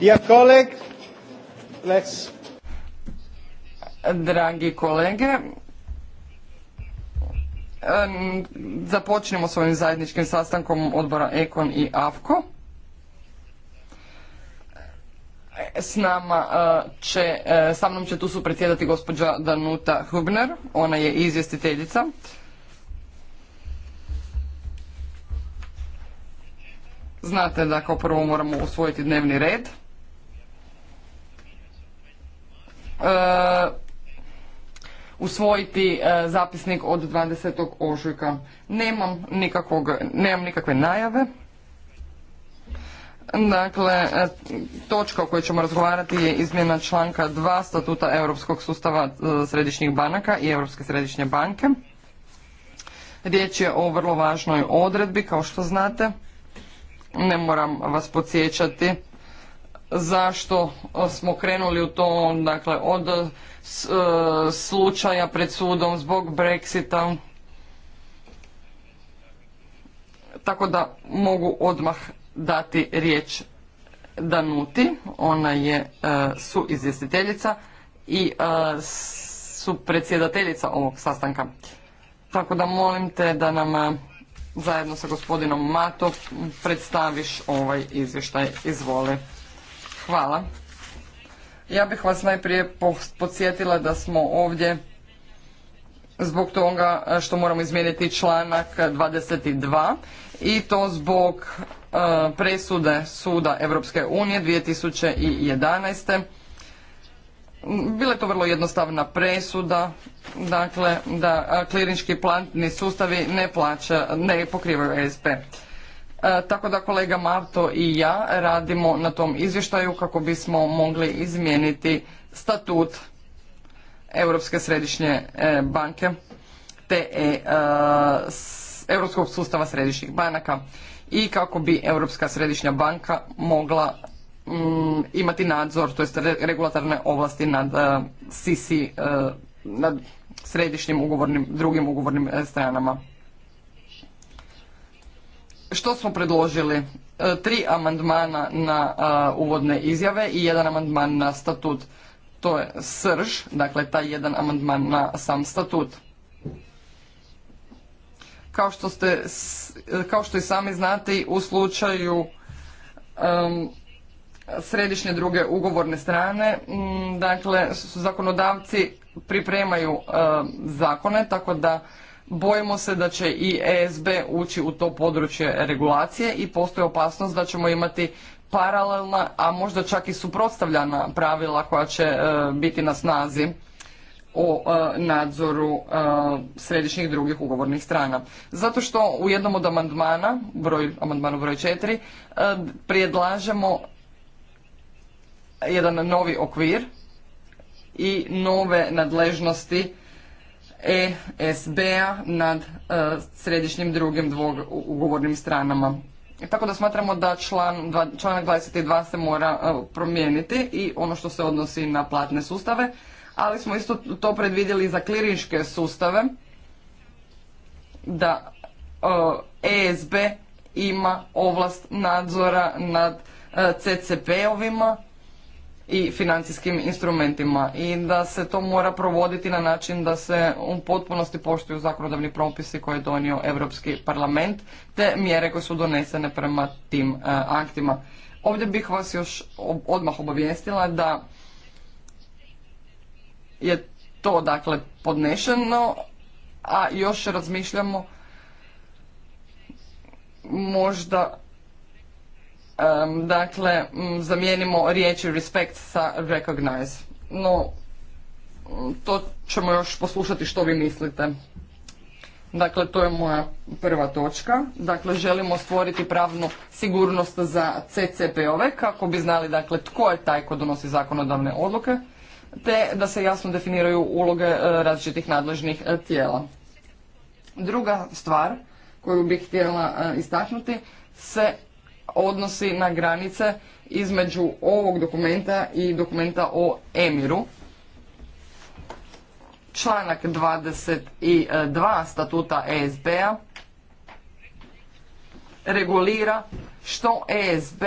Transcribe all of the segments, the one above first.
Dear Dragi kolege, započnemo s ovim zajedničkim sastankom odbora Ekon i AFKO. S nama e, će, e, sa mnom će tu su predsjedati gospođa Danuta Hubner, ona je izvjestiteljica. Znate da kao prvo moramo usvojiti dnevni red. E, usvojiti e, zapisnik od 20. ožujka. Nemam, nikakve najave. Dakle, e, točka o kojoj ćemo razgovarati je izmjena članka 2 statuta Europskog sustava središnjih banaka i Europske središnje banke. Riječ je o vrlo važnoj odredbi, kao što znate. Ne moram vas podsjećati zašto e, smo krenuli u to, dakle, od e, e, slučaja pred sudom zbog Brexita. Tako da mogu odmah dati riječ Danuti, ona je su suizvjestiteljica i su predsjedateljica ovog sastanka. Tako da molim te da nam zajedno sa gospodinom Mato predstaviš ovaj izvještaj. Izvoli. Hvala. Ja bih vas najprije podsjetila da smo ovdje zbog toga što moramo izmijeniti članak 22 i to zbog presude Suda Europske unije 2011. Bila je to vrlo jednostavna presuda, dakle da klinički plantni sustavi ne plaća, ne pokrivaju E, tako da kolega Marto i ja radimo na tom izvještaju kako bismo mogli izmijeniti statut Europske središnje e, banke te e, Europskog sustava središnjih banaka i kako bi Europska središnja banka mogla mm, imati nadzor, to jest regulatorne ovlasti nad CC, nad središnjim ugovornim, drugim ugovornim stranama. Što smo predložili? E, tri amandmana na uvodne izjave i jedan amandman na statut. To je srž, dakle taj jedan amandman na sam statut. Kao što, ste, e, kao što i sami znate, u slučaju središnje druge ugovorne strane, dakle zakonodavci pripremaju e, zakone, tako da Bojimo se da će i ESB ući u to područje regulacije i postoji opasnost da ćemo imati paralelna, a možda čak i suprotstavljana pravila koja će e, biti na snazi o e, nadzoru e, središnjih drugih ugovornih strana. Zato što u jednom od amandmana, amandmanu broj 4, predlažemo jedan novi okvir i nove nadležnosti ESB-a nad e, središnjim drugim ugovornim stranama. E, tako da smatramo da član, dva, članak 22 se mora e, promijeniti i ono što se odnosi na platne sustave, ali smo isto to predvidjeli za kliriške sustave da ESB ima ovlast nadzora nad CCP-ovima i financijskim instrumentima i da se to mora provoditi na način da se u potpunosti poštuju zakonodavni propisi koje je donio Europski parlament te mjere koje su donesene prema tim e, aktima. Ovdje bih vas još odmah obavijestila da je to dakle podnešeno, a još razmišljamo možda dakle, zamijenimo riječi respect sa recognize. No, to ćemo još poslušati što vi mislite. Dakle, to je moja prva točka. Dakle, želimo stvoriti pravnu sigurnost za CCP-ove kako bi znali dakle, tko je taj ko donosi zakonodavne odluke te da se jasno definiraju uloge e, različitih nadležnih e, tijela. Druga stvar koju bih htjela e, istaknuti se odnosi na granice između ovog dokumenta i dokumenta o Emiru. Članak 22 statuta ESB-a regulira što ESB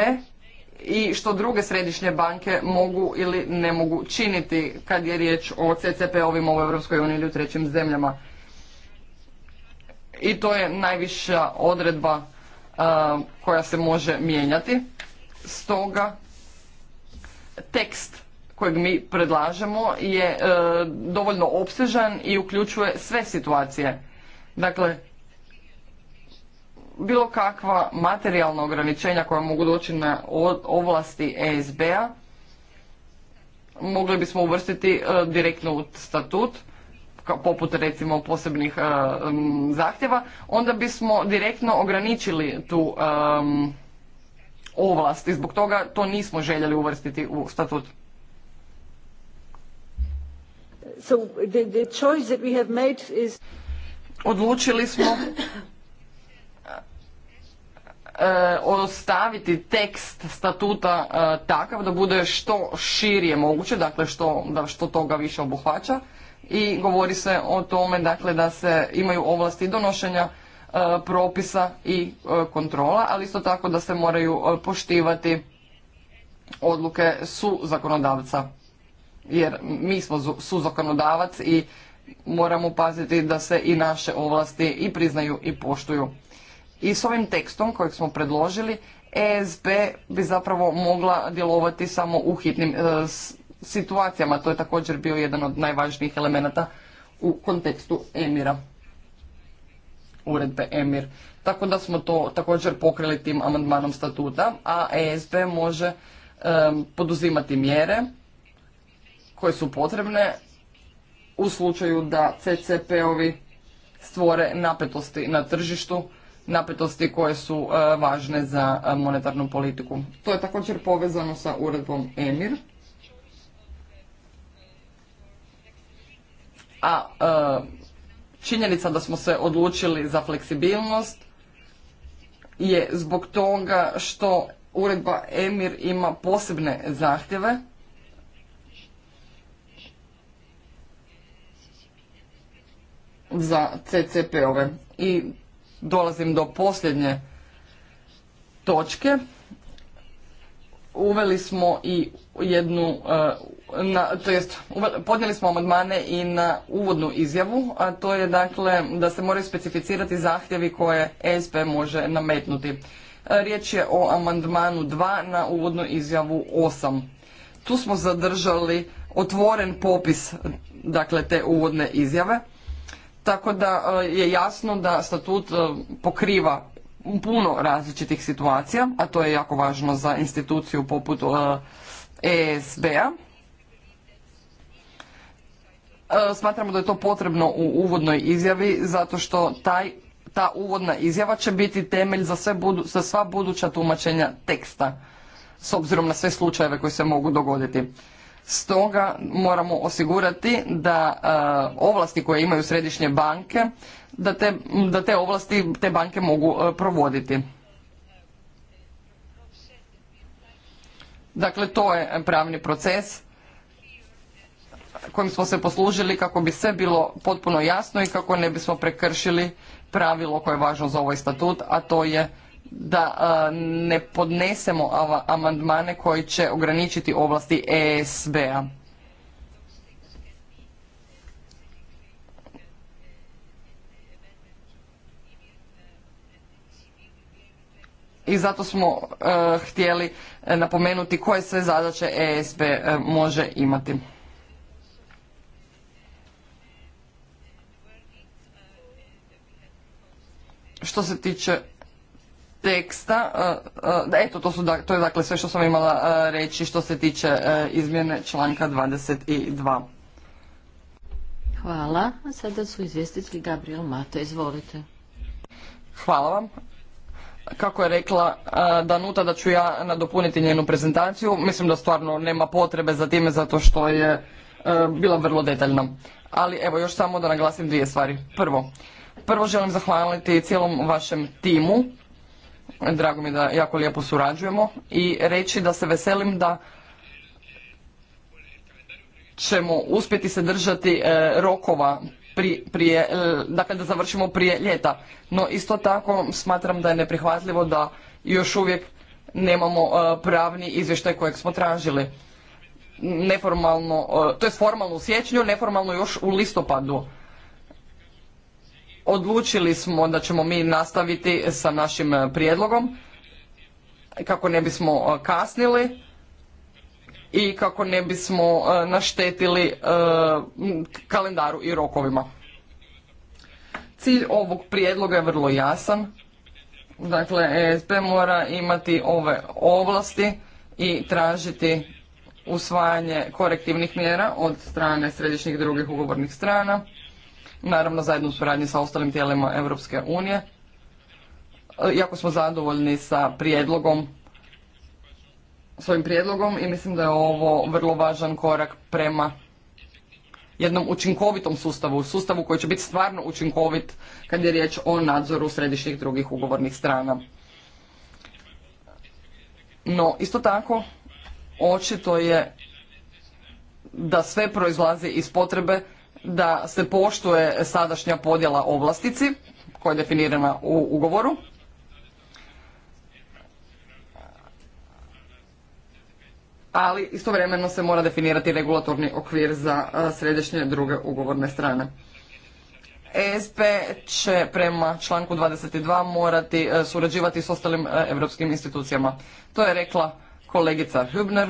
i što druge središnje banke mogu ili ne mogu činiti kad je riječ o ccp ovim u EU ili u trećim zemljama. I to je najviša odredba koja se može mijenjati. Stoga tekst kojeg mi predlažemo je e, dovoljno opsežan i uključuje sve situacije. Dakle, bilo kakva materijalna ograničenja koja mogu doći na ovlasti ESB-a mogli bismo uvrstiti e, direktno u statut poput recimo posebnih e, zahtjeva, onda bismo direktno ograničili tu e, ovlast i zbog toga to nismo željeli uvrstiti u statut. So the, Odlučili smo e, ostaviti tekst statuta takav da bude što širije moguće, dakle što, da što toga više obuhvaća i govori se o tome dakle da se imaju ovlasti donošenja e, propisa i e, kontrola, ali isto tako da se moraju e, poštivati odluke su zakonodavca. Jer mi smo su zakonodavac i moramo paziti da se i naše ovlasti i priznaju i poštuju. I s ovim tekstom kojeg smo predložili ESB bi zapravo mogla djelovati samo u hitnim situacijama. To je također bio jedan od najvažnijih elemenata u kontekstu Emira, uredbe Emir. Tako da smo to također pokrili tim amandmanom statuta, a ESB može poduzimati mjere koje su potrebne u slučaju da CCP-ovi stvore napetosti na tržištu, napetosti koje su e, važne za e, monetarnu politiku. To je također povezano sa uredbom EMIR. a e, činjenica da smo se odlučili za fleksibilnost je zbog toga što uredba Emir ima posebne zahtjeve za CCP-ove. I dolazim do posljednje točke. Uveli smo i jednu e, na, to jest podnijeli smo amandmane i na uvodnu izjavu, a to je dakle da se moraju specificirati zahtjevi koje ESP može nametnuti. Riječ je o amandmanu 2 na uvodnu izjavu 8. Tu smo zadržali otvoren popis dakle te uvodne izjave, tako da e, je jasno da statut e, pokriva puno različitih situacija, a to je jako važno za instituciju poput ESB-a e p-a. E, smatramo da je to potrebno u uvodnoj izjavi zato što taj, ta uvodna izjava će biti temelj za, sve budu, za sva buduća tumačenja teksta s obzirom na sve slučajeve koji se mogu dogoditi. Stoga moramo osigurati da e, ovlasti koje imaju središnje banke, da te, da te ovlasti te banke mogu e, provoditi. Dakle, to je pravni proces kojim smo se poslužili kako bi sve bilo potpuno jasno i kako ne bismo prekršili pravilo koje je važno za ovaj statut, a to je da e, ne podnesemo amandmane koji će ograničiti ovlasti ESB-a. i zato smo e, htjeli e, napomenuti koje sve zadaće ESB može imati. što se tiče teksta, e, e, eto to, su, to je dakle sve što sam imala e, reći što se tiče izmjene članka 22. Hvala. A sada su izvjestitelji Gabriel Mato. Izvolite. Hvala vam. Kako je rekla Danuta da ću ja nadopuniti njenu prezentaciju, mislim da stvarno nema potrebe za time zato što je bila vrlo detaljna. Ali evo još samo da naglasim dvije stvari. Prvo, Prvo želim zahvaliti cijelom vašem timu. Drago mi da jako lijepo surađujemo i reći da se veselim da ćemo uspjeti se držati e, rokova pri, prije, e, dakle da završimo prije ljeta. No isto tako smatram da je neprihvatljivo da još uvijek nemamo e, pravni izvještaj kojeg smo tražili. Neformalno, to je formalno u siječnju, neformalno još u listopadu Odlučili smo da ćemo mi nastaviti sa našim e, prijedlogom kako ne bismo e, kasnili i kako ne bismo e, naštetili kalendaru i rokovima. Cilj ovog prijedloga je vrlo jasan. Dakle, SP mora imati ove ovlasti i tražiti usvajanje korektivnih mjera od strane središnjih drugih ugovornih strana naravno zajedno u suradnji sa ostalim tijelima Europske unije. Jako smo zadovoljni sa prijedlogom, svojim prijedlogom i mislim da je ovo vrlo važan korak prema jednom učinkovitom sustavu, sustavu koji će biti stvarno učinkovit kad je riječ o nadzoru središnjih drugih ugovornih strana. No, isto tako, očito je da sve proizlazi iz potrebe da se poštuje sadašnja podjela ovlastici koja je definirana u ugovoru. Ali istovremeno se mora definirati regulatorni okvir za središnje druge ugovorne strane. ESP će prema članku 22 morati surađivati s ostalim europskim institucijama. To je rekla kolegica Hübner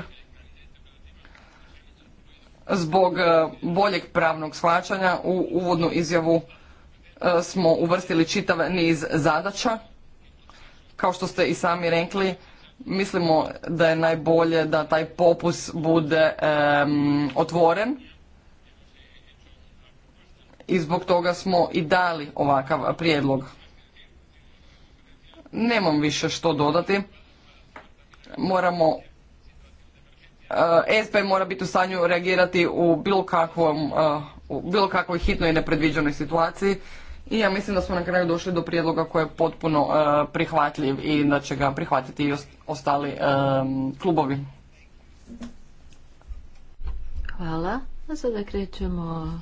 zbog e, boljeg pravnog shvaćanja u uvodnu izjavu e, smo uvrstili čitav niz zadaća. Kao što ste i sami rekli, mislimo da je najbolje da taj popus bude otvoren i zbog toga smo i dali ovakav prijedlog. Nemam više što dodati. Moramo E, SP mora biti u stanju reagirati u bilo kakvom, e, u bilo kakvoj hitnoj i nepredviđenoj situaciji i ja mislim da smo na kraju došli do prijedloga koji je potpuno e, prihvatljiv i da će ga prihvatiti i ostali klubovi. Hvala. A sada krećemo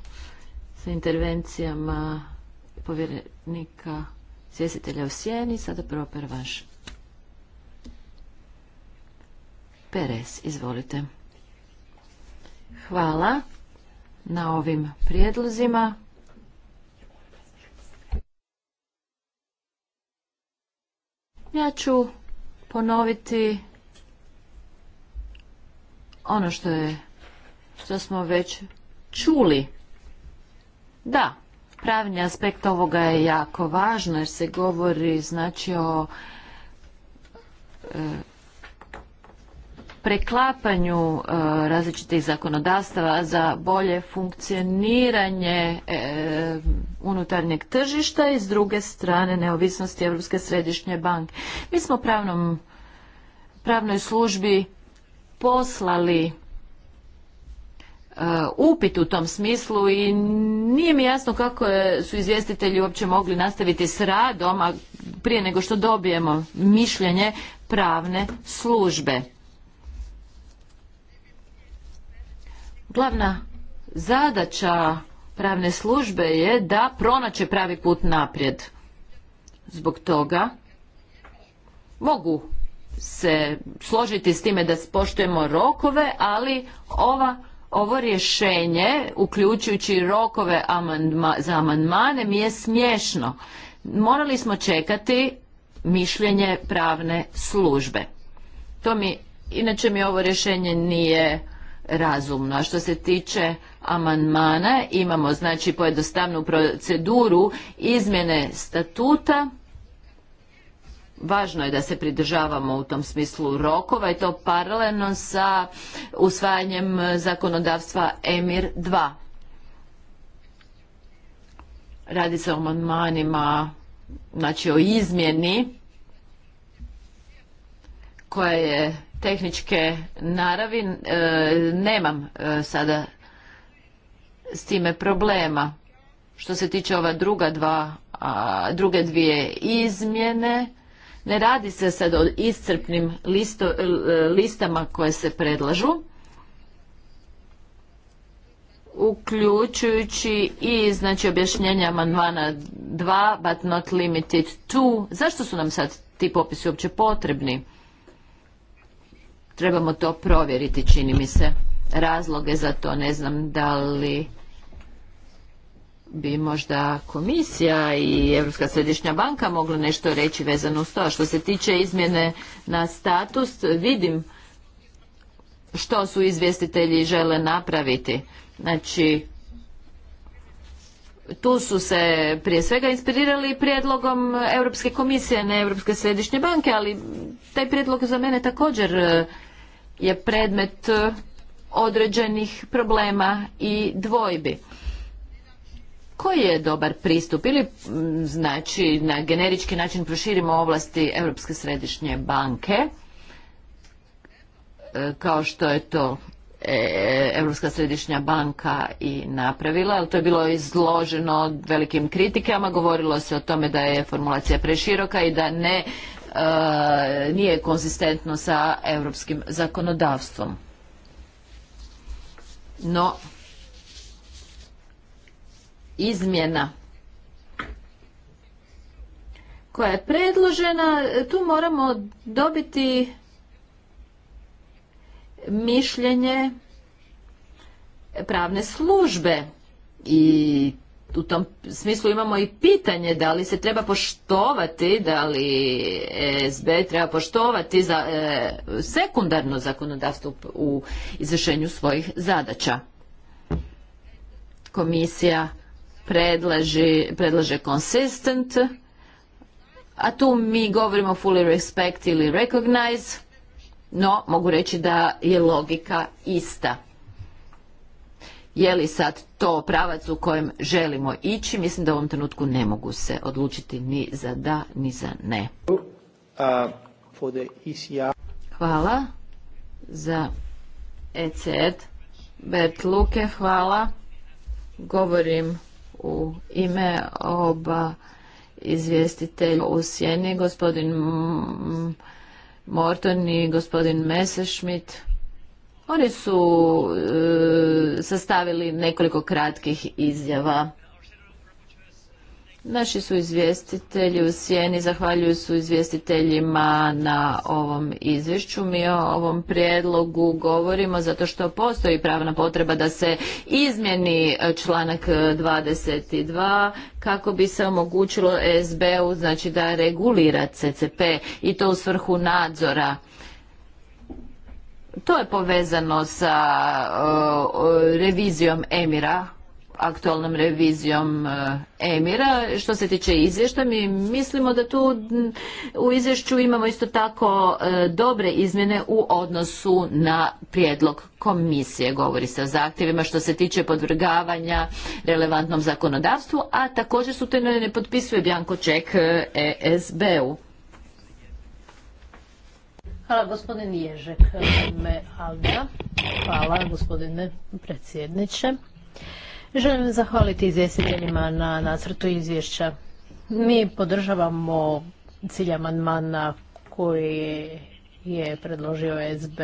sa intervencijama povjerenika svjesitelja u sjeni. Sada prvo per vaš. Peres, izvolite. Hvala na ovim prijedlozima. Ja ću ponoviti ono što je što smo već čuli. Da, pravni aspekt ovoga je jako važno jer se govori znači o e, preklapanju e, različitih zakonodavstava za bolje funkcioniranje e, unutarnjeg tržišta i s druge strane neovisnosti Europske središnje banke. Mi smo pravnom, pravnoj službi poslali e, upit u tom smislu i nije mi jasno kako su izvjestitelji uopće mogli nastaviti s radom a prije nego što dobijemo mišljenje pravne službe. Glavna zadaća pravne službe je da pronaće pravi put naprijed. Zbog toga mogu se složiti s time da poštujemo rokove, ali ova ovo rješenje, uključujući rokove amandma, za amandmane, mi je smiješno. Morali smo čekati mišljenje pravne službe. To mi, inače mi ovo rješenje nije razumno. A što se tiče amandmana, imamo znači pojednostavnu proceduru izmjene statuta. Važno je da se pridržavamo u tom smislu rokova i to paralelno sa usvajanjem zakonodavstva EMIR 2. Radi se o amandmanima, znači o izmjeni koja je tehničke naravi e, nemam e, sada s time problema. Što se tiče ova druga dva, druge dvije izmjene, ne radi se sad o iscrpnim e, listama koje se predlažu, uključujući i znači objašnjenje amandmana 2, but not limited to. Zašto su nam sad ti popisi uopće potrebni? trebamo to provjeriti, čini mi se. Razloge za to ne znam da li bi možda komisija i Europska središnja banka mogla nešto reći vezano uz to. A što se tiče izmjene na status, vidim što su izvjestitelji žele napraviti. Znači, tu su se prije svega inspirirali prijedlogom Europske komisije, ne Europske središnje banke, ali taj prijedlog za mene također je predmet e, određenih problema i dvojbi. Koji je dobar pristup ili znači na generički način proširimo ovlasti Europske središnje banke e, kao što je to e, Europska središnja banka i napravila, ali to je bilo izloženo velikim kritikama, govorilo se o tome da je formulacija preširoka i da ne Eh, nije konzistentno sa europskim zakonodavstvom. No, izmjena koja je predložena, tu moramo dobiti mišljenje pravne službe i u tom smislu imamo i pitanje da li se treba poštovati, da li SB treba poštovati za e, sekundarno zakonodavstvo u izvršenju svojih zadaća. Komisija predlaže consistent, a tu mi govorimo fully respect ili recognize, no mogu reći da je logika ista je li sad to pravac u kojem želimo ići, mislim da u ovom trenutku ne mogu se odlučiti ni za da, ni za ne. Hvala za ECR. E Bert Luke, hvala. Govorim u ime oba izvjestitelja u Sjeni, gospodin Morton i gospodin Messerschmidt. Oni su e, sastavili nekoliko kratkih izjava. Naši su izvjestitelji u sjeni, zahvaljuju su izvjestiteljima na ovom izvješću. Mi o ovom prijedlogu govorimo zato što postoji pravna potreba da se izmjeni e, članak 22 kako bi se omogućilo sb znači da regulira CCP i to u svrhu nadzora to je povezano sa revizijom Emira, aktualnom revizijom e, Emira. Što se tiče izvješta, mi mislimo da tu u izvješću imamo isto tako e, dobre izmjene u odnosu na prijedlog komisije. Govori se o zahtjevima što se tiče podvrgavanja relevantnom zakonodavstvu, a također su te ne potpisuje Bjanko Ček ESB-u. E Hvala gospodin Ježek. Hvala gospodine predsjedniče. Želim zahvaliti izvjestiteljima na nacrtu izvješća. Mi podržavamo cilj amandmana koji je predložio SB,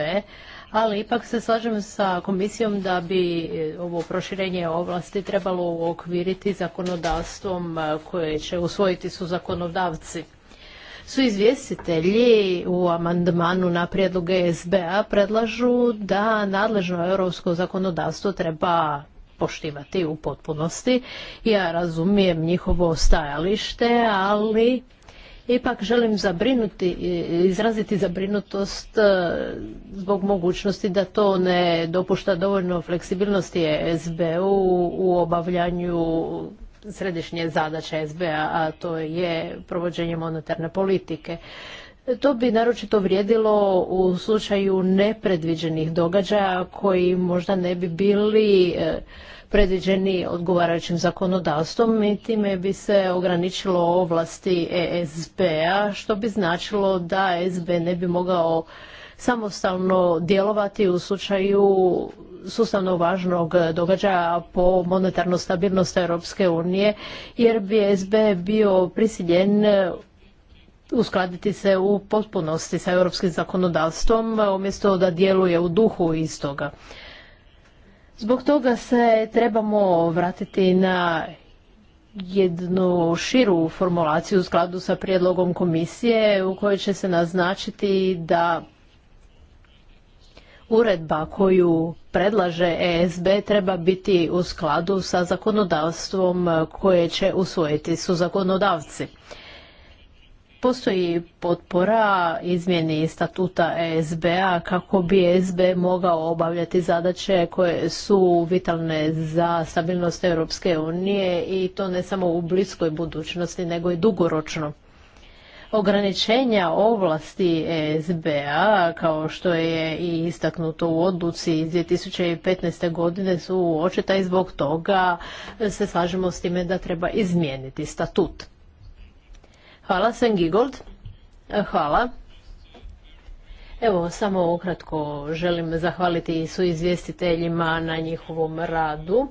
ali ipak se slažem sa komisijom da bi ovo proširenje ovlasti trebalo uokviriti zakonodavstvom koje će usvojiti su zakonodavci su izvjestitelji u amandmanu na prijedlog SBA predlažu da nadležno europsko zakonodavstvo treba poštivati u potpunosti. Ja razumijem njihovo stajalište, ali ipak želim zabrinuti, izraziti zabrinutost e, zbog mogućnosti da to ne dopušta dovoljno fleksibilnosti SBU u obavljanju središnje zadaće SBA, a to je provođenje monetarne politike. To bi naročito vrijedilo u slučaju nepredviđenih događaja koji možda ne bi bili e, predviđeni odgovarajućim zakonodavstvom i time bi se ograničilo ovlasti ESB-a, što bi značilo da SB ne bi mogao samostalno djelovati u slučaju sustavno važnog događaja po monetarnu stabilnost Europske unije, jer bi SB bio prisiljen uskladiti se u potpunosti sa europskim zakonodavstvom, umjesto da djeluje u duhu istoga. Zbog toga se trebamo vratiti na jednu širu formulaciju u skladu sa prijedlogom komisije u kojoj će se naznačiti da uredba koju predlaže ESB treba biti u skladu sa zakonodavstvom koje će usvojiti su zakonodavci. Postoji potpora izmjeni statuta ESB-a kako bi ESB mogao obavljati zadaće koje su vitalne za stabilnost Europske unije i to ne samo u bliskoj budućnosti nego i dugoročno ograničenja ovlasti SBA, kao što je i istaknuto u odluci iz 2015. godine, su očita i zbog toga se slažemo s time da treba izmijeniti statut. Hvala, Sven Gigold. Hvala. Evo, samo ukratko želim zahvaliti su izvjestiteljima na njihovom radu.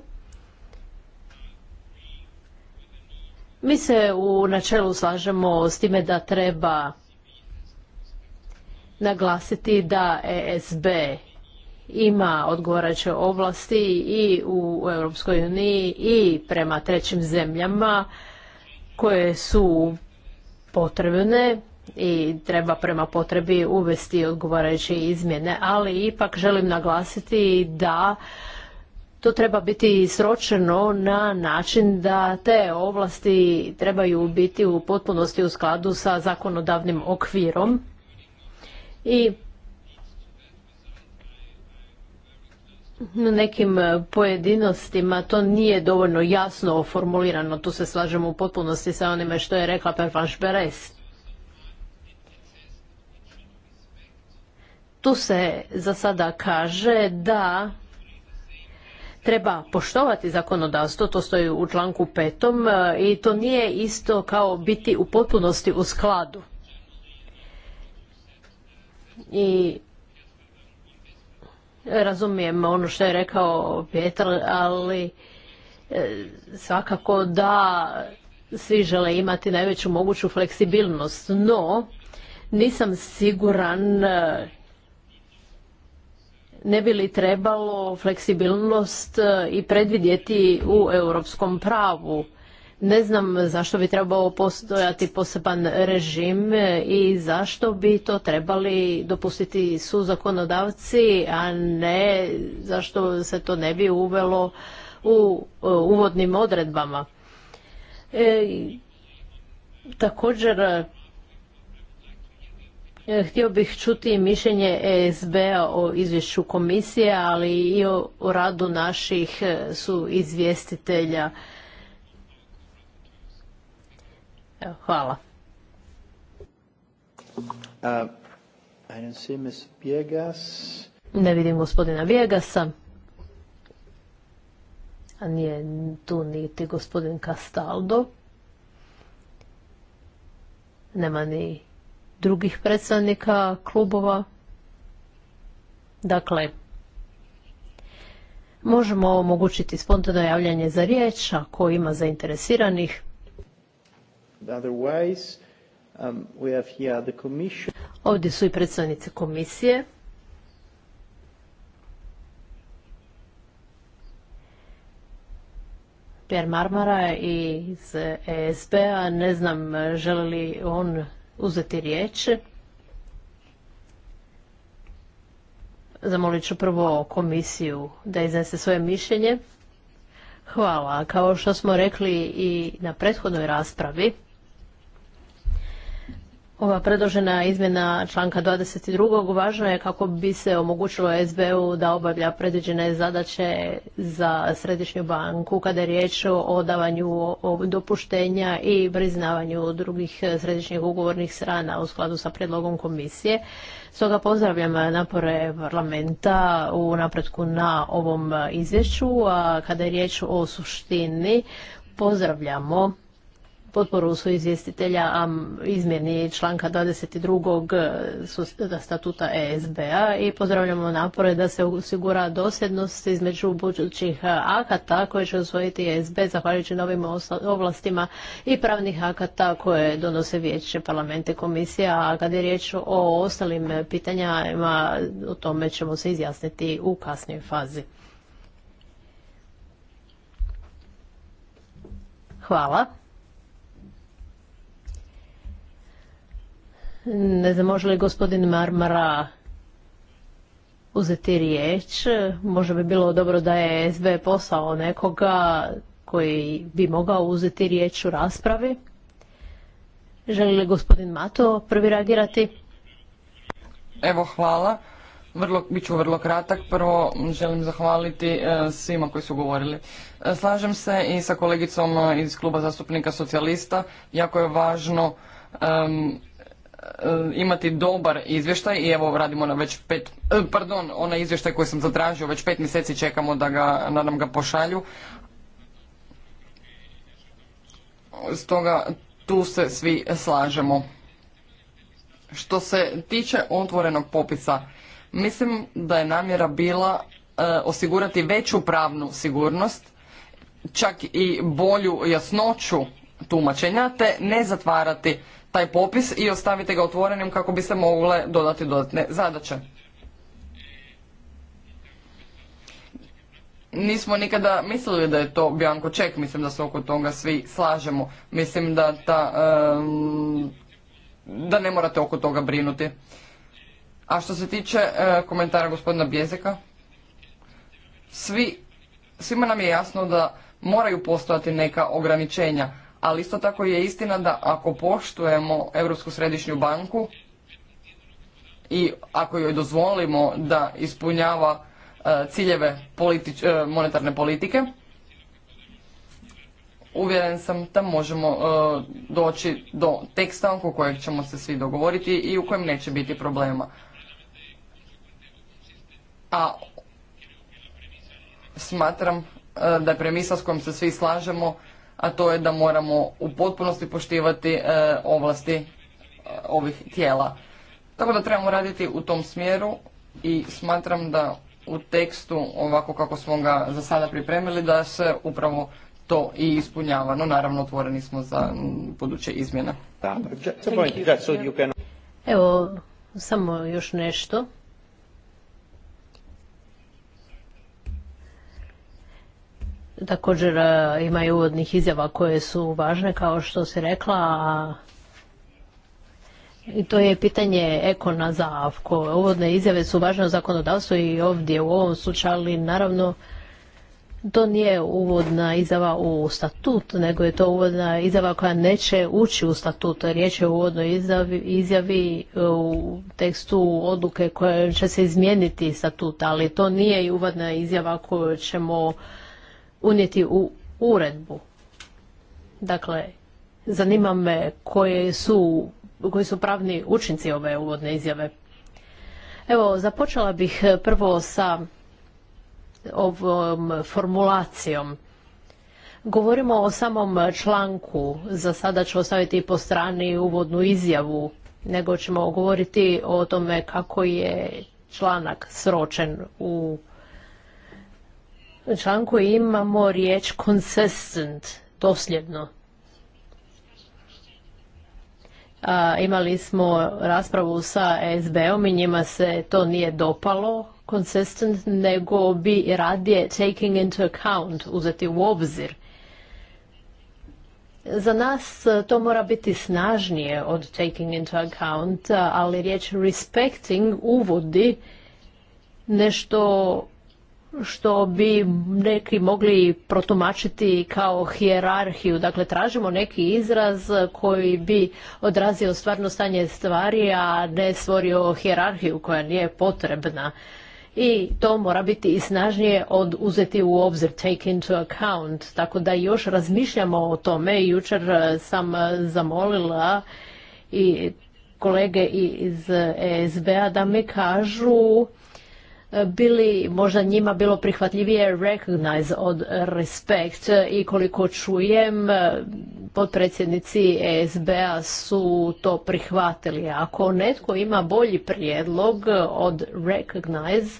Mi se u načelu slažemo s time da treba naglasiti da ESB ima odgovarajuće ovlasti i u Europskoj uniji i prema trećim zemljama koje su potrebne i treba prema potrebi uvesti odgovarajuće izmjene, ali ipak želim naglasiti da to treba biti sročeno na način da te ovlasti trebaju biti u potpunosti u skladu sa zakonodavnim okvirom i nekim pojedinostima to nije dovoljno jasno formulirano, tu se slažemo u potpunosti sa onime što je rekla Pervanš Beres. Tu se za sada kaže da treba poštovati zakonodavstvo, to stoji u članku petom e, i to nije isto kao biti u potpunosti u skladu. I razumijem ono što je rekao Petar, ali e, svakako da svi žele imati najveću moguću fleksibilnost, no nisam siguran e, ne bi li trebalo fleksibilnost e, i predvidjeti u europskom pravu. Ne znam zašto bi trebao postojati poseban režim e, i zašto bi to trebali dopustiti su zakonodavci, a ne zašto se to ne bi uvelo u e, uvodnim odredbama. također E, htio bih čuti mišljenje ESB-a o izvješću komisije, ali i o, radu naših e, su izvjestitelja. hvala. ne vidim gospodina Vjegasa. A nije tu niti gospodin Castaldo. Nema ni drugih predstavnika klubova. Dakle, možemo omogućiti spontano javljanje za riječ ako ima zainteresiranih. Um, Ovdje su i predstavnici komisije. Pierre Marmara iz ESB-a, p-a. ne znam želi li on uzeti riječ. Zamolit ću prvo komisiju da iznese svoje mišljenje. Hvala. Kao što smo rekli i na prethodnoj raspravi, ova predložena izmjena članka 22. važno je kako bi se omogućilo SBU da obavlja predviđene zadaće za Središnju banku kada je riječ o davanju dopuštenja i priznavanju drugih središnjih ugovornih strana u skladu sa predlogom komisije. Stoga pozdravljam napore parlamenta u napretku na ovom izvješću, a kada je riječ o suštini pozdravljamo potporu su izvjestitelja a izmjeni članka 22. statuta ESB-a i pozdravljamo napore da se osigura dosljednost između budućih akata koje će usvojiti ESB zahvaljujući novim ovlastima i pravnih akata koje donose vijeće parlamente komisija, a kad je riječ o ostalim pitanjima o tome ćemo se izjasniti u kasnijoj fazi. Hvala. Ne znam, može li gospodin Marmara uzeti riječ? Možda bi bilo dobro da je SB posao nekoga koji bi mogao uzeti riječ u raspravi. Želi li gospodin Mato prvi reagirati? Evo, hvala. Vrlo, bit ću vrlo kratak. Prvo želim zahvaliti e, svima koji su govorili. E, slažem se i sa kolegicom iz kluba zastupnika socijalista. Jako je važno E, imati dobar izvještaj i evo radimo na već pet, e, pardon, onaj izvještaj koji sam zatražio već pet mjeseci čekamo da, ga, da nam ga pošalju. Stoga tu se svi slažemo. Što se tiče otvorenog popisa, mislim da je namjera bila e, osigurati veću pravnu sigurnost, čak i bolju jasnoću tumačenja, te ne zatvarati taj popis i ostavite ga otvorenim kako bi se mogle dodati dodatne zadaće. Nismo nikada mislili da je to Bjanko Ček, mislim da se oko toga svi slažemo. Mislim da ta, da ne morate oko toga brinuti. A što se tiče e, komentara gospodina Bjezeka, svi, svima nam je jasno da moraju postojati neka ograničenja ali isto tako je istina da ako poštujemo Europsku središnju banku i ako joj dozvolimo da ispunjava e, ciljeve politič, e, monetarne politike, uvjeren sam da možemo e, doći do teksta oko kojeg ćemo se svi dogovoriti i u kojem neće biti problema. A smatram da je premisa s kojom se svi slažemo a to je da moramo u potpunosti poštivati e, ovlasti e, ovih tijela. Tako da trebamo raditi u tom smjeru i smatram da u tekstu ovako kako smo ga za sada pripremili da se upravo to i ispunjava. No naravno otvoreni smo za buduće izmjene. Evo samo još nešto. također e, imaju uvodnih izjava koje su važne kao što si rekla a i to je pitanje ekona za Uvodne izjave su važne u zakonodavstvu i ovdje u ovom slučaju, ali naravno to nije uvodna izjava u statut, nego je to uvodna izjava koja neće ući u statut. Riječ je o uvodnoj izjavi, izjavi e, u tekstu odluke koja će se izmijeniti statut, ali to nije i uvodna izjava koju ćemo unijeti u uredbu. Dakle, zanima me koji su, koji su pravni učinci ove uvodne izjave. Evo, započela bih eh, prvo sa ovom formulacijom. Govorimo o samom članku, za sada ću ostaviti po strani uvodnu izjavu, nego ćemo govoriti o tome kako je članak sročen u u članku imamo riječ consistent, dosljedno. A, imali smo raspravu sa SB-om i njima se to nije dopalo consistent, nego bi radije taking into account, uzeti u obzir. Za nas to mora biti snažnije od taking into account, ali riječ respecting uvodi nešto što bi neki mogli protumačiti kao hijerarhiju. Dakle, tražimo neki izraz koji bi odrazio stvarno stanje stvari, a ne stvorio hijerarhiju koja nije potrebna. I to mora biti i snažnije od uzeti u obzir, take into account. Tako da još razmišljamo o tome. Jučer sam zamolila i kolege iz e SBA da mi kažu bili možda njima bilo prihvatljivije recognize od respect i koliko čujem podpredsjednici ESB-a su to prihvatili. Ako netko ima bolji prijedlog od recognize,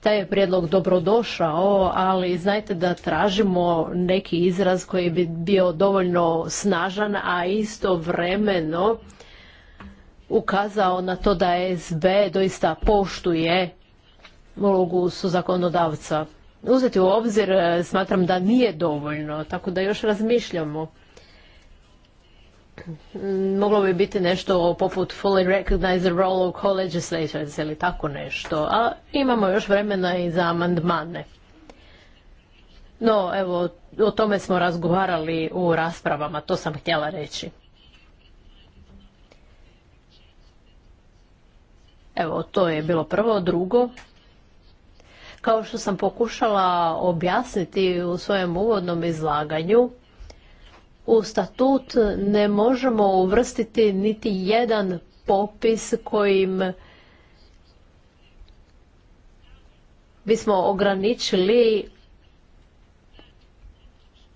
taj je prijedlog dobrodošao, ali znajte da tražimo neki izraz koji bi bio dovoljno snažan, a isto vremeno ukazao na to da SB doista poštuje ulogu su zakonodavca. Uzeti u obzir e, smatram da nije dovoljno, tako da još razmišljamo. Mm, moglo bi biti nešto poput fully recognize the role of co-legislators ili tako nešto, a imamo još vremena i za amandmane. No, evo, o tome smo razgovarali u raspravama, to sam htjela reći. Evo, to je bilo prvo. Drugo, kao što sam pokušala objasniti u svojem uvodnom izlaganju, u statut ne možemo uvrstiti niti jedan popis kojim bismo ograničili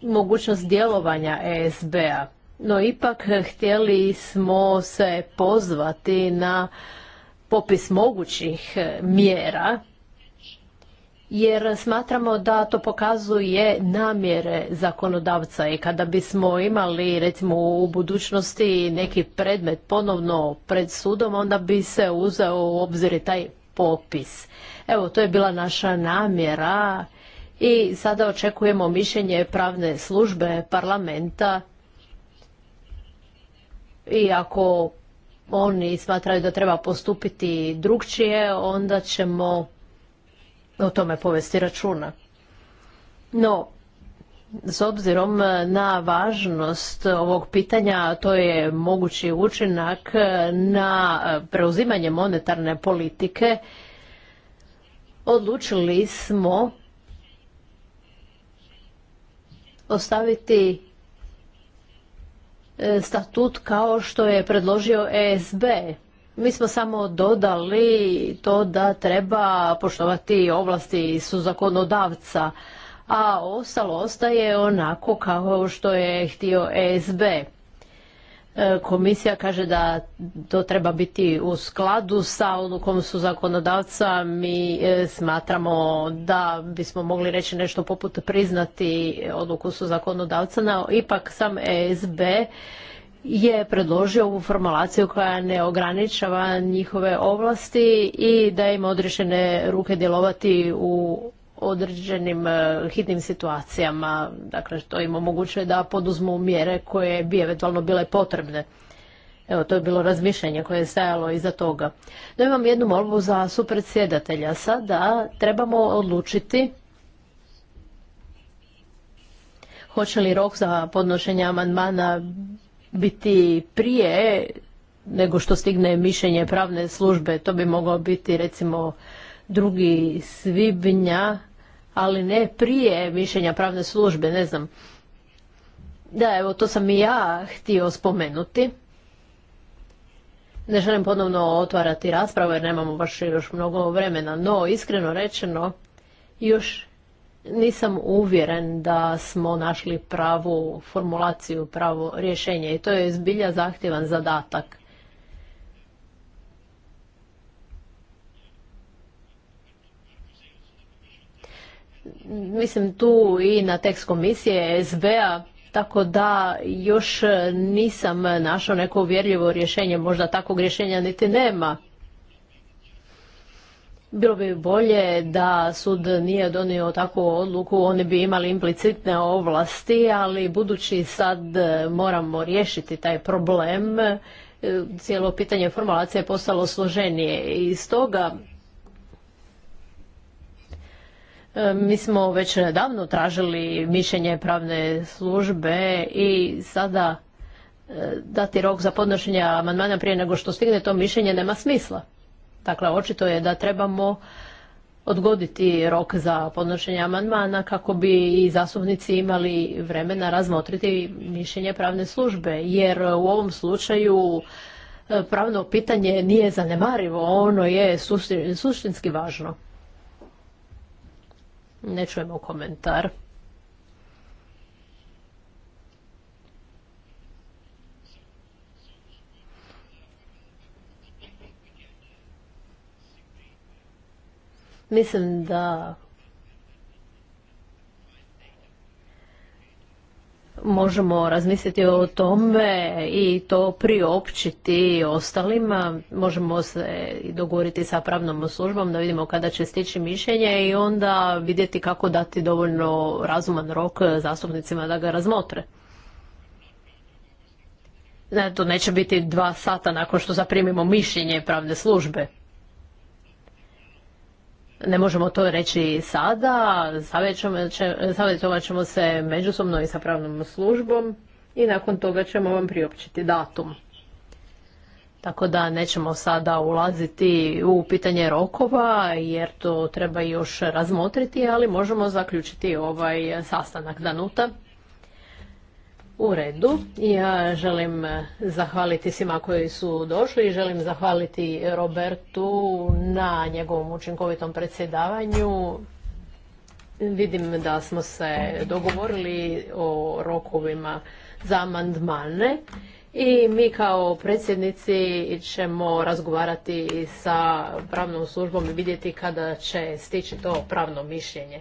mogućnost djelovanja ESB-a. No ipak htjeli smo se pozvati na popis mogućih mjera jer smatramo da to pokazuje namjere zakonodavca i kada bismo imali recimo u budućnosti neki predmet ponovno pred sudom onda bi se uzeo u obzir taj popis. Evo to je bila naša namjera i sada očekujemo mišljenje pravne službe parlamenta i ako oni smatraju da treba postupiti drugčije onda ćemo o tome povesti računa. No, s obzirom na važnost ovog pitanja, to je mogući učinak na preuzimanje monetarne politike, odlučili smo ostaviti e, statut kao što je predložio ESB mi smo samo dodali to da treba poštovati ovlasti su zakonodavca, a ostalo ostaje onako kao što je htio ESB. E, komisija kaže da to treba biti u skladu sa odlukom su zakonodavca. Mi e, smatramo da bismo mogli reći nešto poput priznati odluku su zakonodavca, no ipak sam ESB je predložio ovu formulaciju koja ne ograničava njihove ovlasti i da im određene ruke djelovati u određenim e, hitnim situacijama, dakle to im omogućuje da poduzmu mjere koje bi eventualno bile potrebne. Evo, to je bilo razmišljanje koje je stajalo iza toga. Da imam jednu molbu za supredsjedatelja sada. Trebamo odlučiti hoće li rok za podnošenje amandmana biti prije nego što stigne mišljenje pravne službe. To bi mogao biti recimo drugi svibnja, ali ne prije mišljenja pravne službe, ne znam. Da, evo, to sam i ja htio spomenuti. Ne želim ponovno otvarati raspravu jer nemamo baš još mnogo vremena, no iskreno rečeno još nisam uvjeren da smo našli pravu formulaciju, pravo rješenje i to je zbilja zahtjevan zadatak. Mislim tu i na tekst komisije SB-a, tako da još nisam našao neko uvjerljivo rješenje, možda takvog rješenja niti nema. Bilo bi bolje da sud nije donio takvu odluku, oni bi imali implicitne ovlasti, ali budući sad moramo riješiti taj problem, e, cijelo pitanje formulacije je postalo složenije i stoga e, mi smo već nedavno tražili mišljenje pravne službe i sada e, dati rok za podnošenje amandmana prije nego što stigne to mišljenje nema smisla. Dakle, očito je da trebamo odgoditi rok za podnošenje amandmana kako bi i zastupnici imali vremena razmotriti mišljenje pravne službe, jer u ovom slučaju e, pravno pitanje nije zanemarivo, ono je suštinski važno. Ne čujemo komentar. Mislim da možemo razmisliti o tome i to priopćiti ostalima. Možemo se dogovoriti sa pravnom službom da vidimo kada će stići mišljenje i onda vidjeti kako dati dovoljno razuman rok zastupnicima da ga razmotre. Ne, to neće biti dva sata nakon što zaprimimo mišljenje pravne službe ne možemo to reći sada, savjetovat ćemo se međusobno i sa pravnom službom i nakon toga ćemo vam priopćiti datum. Tako da nećemo sada ulaziti u pitanje rokova jer to treba još razmotriti, ali možemo zaključiti ovaj sastanak Danuta. U redu. Ja želim eh, zahvaliti svima koji su došli i želim zahvaliti Robertu na njegovom učinkovitom predsjedavanju. Vidim da smo se dogovorili o rokovima za amandmane i mi kao predsjednici ćemo razgovarati sa pravnom službom i vidjeti kada će stići to pravno mišljenje.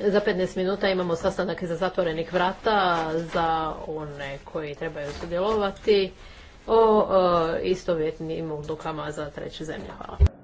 Za 15 minuta imamo sastanak za zatvorenih vrata za one koji trebaju sudjelovati o e, istovjetnim odlukama za treće zemlje. Hvala.